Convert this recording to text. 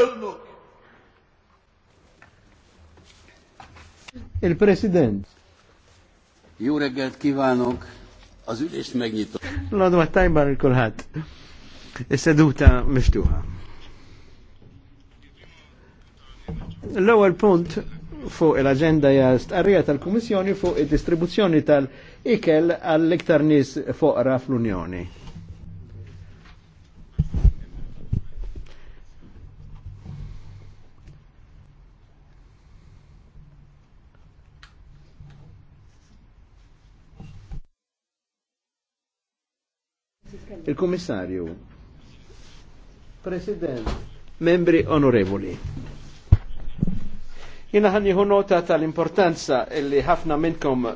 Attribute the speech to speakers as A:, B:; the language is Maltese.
A: Elmuk. Il-President.
B: Jó reggelt kívánok! Az ülést megnyitott.
A: L-għadma tajbar
C: il-kulħat. Is-seduta miftuħa.
D: L-ewwel punt fuq l-agenda hija stqarrija tal-Kummissjoni fuq id-distribuzzjoni tal-ikel għall-iktar nies foqra fl-Unjoni. Il-Kommissarju, President, membri onorevoli, jina ħanniħu nota tal-importanza illi ħafna minnkom